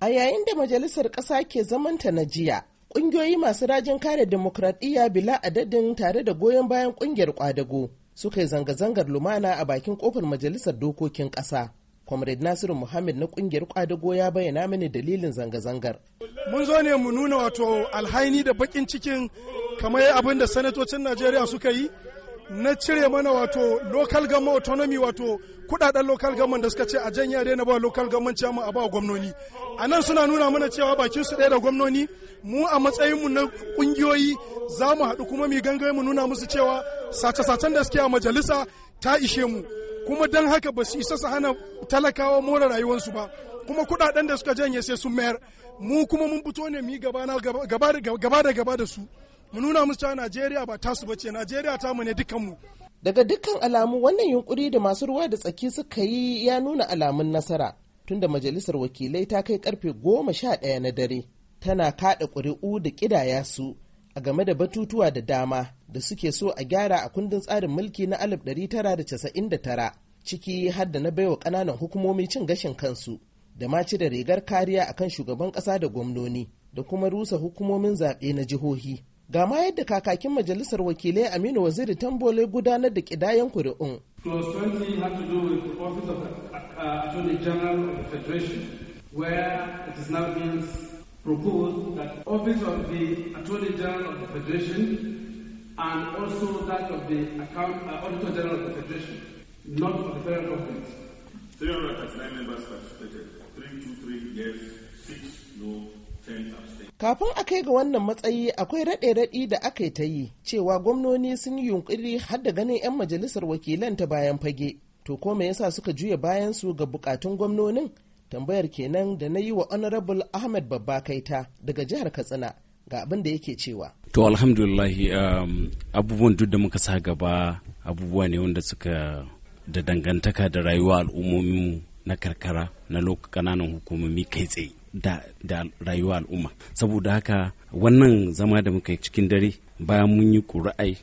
A yayin da majalisar ƙasa ke zamanta na jiya, ƙungiyoyi masu rajin kare demokradiyya bila adadin tare da goyon bayan ƙungiyar ƙwadago suka yi zanga-zangar lumana a bakin ƙofar majalisar dokokin ƙasa. Comrade Nasiru Muhammad na ƙungiyar ƙwadago ya bayyana mini dalilin zanga-zangar. Mun zo ne mu nuna wato alhaini da bakin cikin kamar abin da sanatocin Najeriya suka yi na cire mana wato local government autonomy wato kudaden local government da suka ce a janya daina ba local government mu a ba gwamnoni a nan suna nuna mana cewa bakin su ɗaya da gwamnoni mu a matsayin mu na kungiyoyi za mu haɗu kuma mu gangaye mu nuna musu cewa sace-sacen da suke a majalisa ta ishe mu kuma don haka ba su isa su hana talakawa more rayuwarsu ba kuma kudaden da suka janye sai sun mayar mu kuma mun fito ne mu gaba da gaba da su mu nuna musu cewa Najeriya ba tasu ce, Najeriya ta mu ne dukanmu daga dukkan alamu wannan yunkuri da masu ruwa da tsaki suka yi ya nuna alamun nasara tunda majalisar wakilai ta kai karfe goma sha ɗaya na dare tana kaɗa ƙuri'u da ƙidaya su a game da batutuwa da dama da suke so a gyara a kundin tsarin mulki na alif ɗari tara da da casa'in tara ciki har da na baiwa ƙananan hukumomi cin gashin kansu da ma cire rigar kariya akan shugaban ƙasa da gwamnoni da kuma rusa hukumomin zaɓe na jihohi ga ma yadda kakakin majalisar wakilai aminu waziri tambole gudanar da kidayen kuri'un uh, where it is now proposed that office and also that of the account uh, general of the federation not of the federal government 339 members participated 323 yes 6 no Kafin a kai ga wannan matsayi akwai raɗe-raɗi da aka yi ta yi cewa gwamnoni sun yi yunƙuri har da ganin 'yan majalisar wakilan ta bayan fage. To ko me yasa suka juya bayan su ga bukatun gwamnonin? Tambayar kenan da na yi wa Honorable Ahmed Babba Kaita daga jihar Katsina ga abin da yake cewa. To alhamdulillahi um, abubuwan duk da muka sa gaba abubuwa ne wanda suka da dangantaka da rayuwa al'ummominmu na karkara na kananan hukumomi kai tsaye. da, da rayuwa al'umma saboda haka wannan zama da muka yi cikin dare bayan mun yi ƙura'ai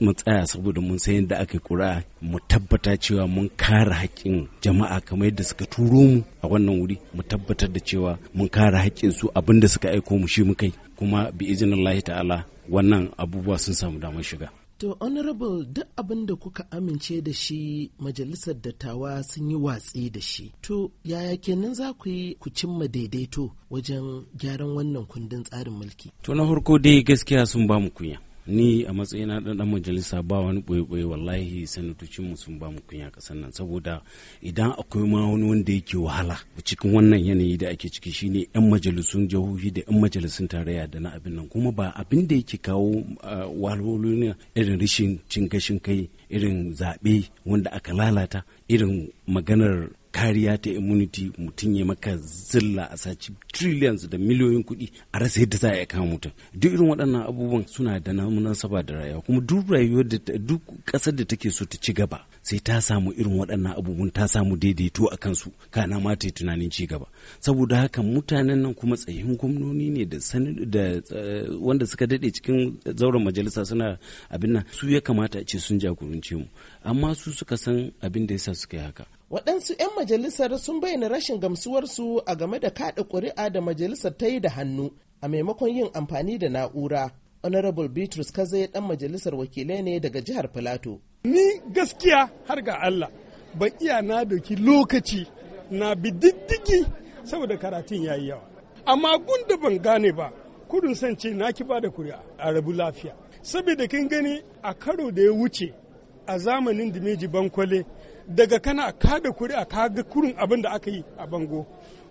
mun tsaya saboda mun san yadda aka yi ƙura'a mu tabbata cewa mun kare haƙƙin jama'a kamar yadda suka turo mu a wannan wuri mu tabbatar da cewa mun kare haƙƙin su abin da suka aiko mu shi mu kai kuma bi izinin ta'ala wannan abubuwa sun samu damar shiga To, Honorable, duk abin da kuka amince da shi majalisar dattawa sun yi watsi da shi. To, yaya kenan za ku yi ku cimma daidaito wajen gyaran wannan kundin tsarin mulki? To, na farko dai gaskiya sun ba mu kunya. ni a matsayina na dan majalisa ba wani ɓoye wallahi sanatocin mu sun ba mu kunya ƙasar nan saboda idan akwai ma wani wanda yake wahala cikin wannan yanayi da ake ciki shine yan majalisun jihohi da yan majalisun tarayya da na abin nan kuma ba abin da yake kawo ah, walwalo irin rashin cin gashin kai irin zaɓe wanda aka lalata irin maganar kariya ta immunity mutum ya maka zilla a saci trillions da miliyoyin kuɗi a rasa yadda za a iya kama mutum duk irin waɗannan abubuwan suna da saba da rayuwa kuma duk rayuwar da duk ƙasar da take so ta ci gaba sai ta samu irin waɗannan abubuwan ta samu daidaito a kansu kana ma ta tunanin ci gaba saboda haka mutanen nan kuma tsayin gwamnoni ne da eh, wanda suka daɗe cikin zauren majalisa suna abin nan su ya kamata a ce sun jagorance mu amma su suka san abin da yasa suka yi haka waɗansu 'yan majalisar sun bayyana rashin gamsuwarsu a game da kaɗa ƙuri'a da majalisar ta yi da hannu a maimakon yin amfani da na'ura honorable bitrus Kazai ɗan majalisar wakilai ne daga jihar filato ni gaskiya har ga allah ban iya na doki lokaci na bi diddigi saboda karatun ya yi yawa amma gunda ban gane ba kudin san ce na ki bada kuri'a a rabu lafiya saboda kin gani a karo da ya wuce a zamanin dimeji bankwale daga kana kada kuri'a ka ga kurin abin da aka yi a bango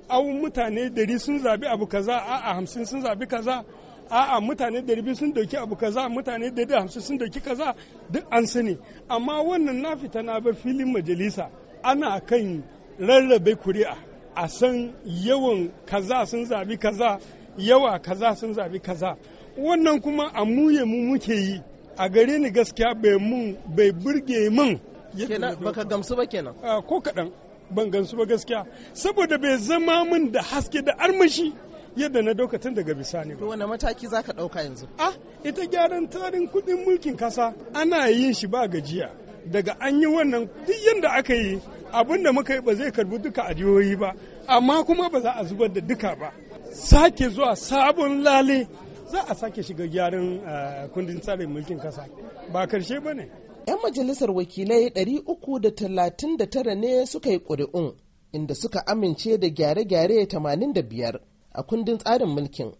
awun mutane dari sun zabi abu kaza a'a hamsin sun zabi kaza a'a mutane dari biyu sun doki abu kaza mutane dari hamsin sun doki kaza duk an sani amma wannan na fita na bar filin majalisa ana kan rarrabe kuri'a a san yawan kaza sun zabi kaza yawa kaza sun zabi kaza wannan kuma a muye mu muke yi a gare ni gaskiya bai mun bai burge mun kenan baka gamsu ba kenan ko kaɗan ban gamsu ba gaskiya saboda bai zama min da haske da armashi yadda na dauka tun daga bisani ba. wani mataki za ka dauka yanzu? Ah, ita gyaran tarin kudin mulkin kasa ana yin shi ba gajiya. Daga an yi wannan duk yadda aka yi abin da muka yi ba zai karbi duka a ba, amma kuma ba za a zubar da duka ba. Sake zuwa sabon lale za a sake shiga gyaran eh, kundin tsarin mulkin kasa. Ba karshe ba ne. 'yan majalisar wakilai 339 ne suka yi ƙuri'un inda suka amince da gyare-gyare 85 a kundin tsarin mulkin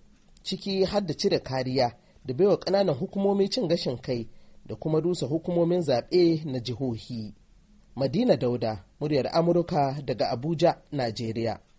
ciki har da cire kariya da baiwa ƙananan hukumomi cin gashin kai da kuma rusa hukumomin zaɓe na jihohi. Madina Dauda, muryar Amurka daga Abuja, Najeriya.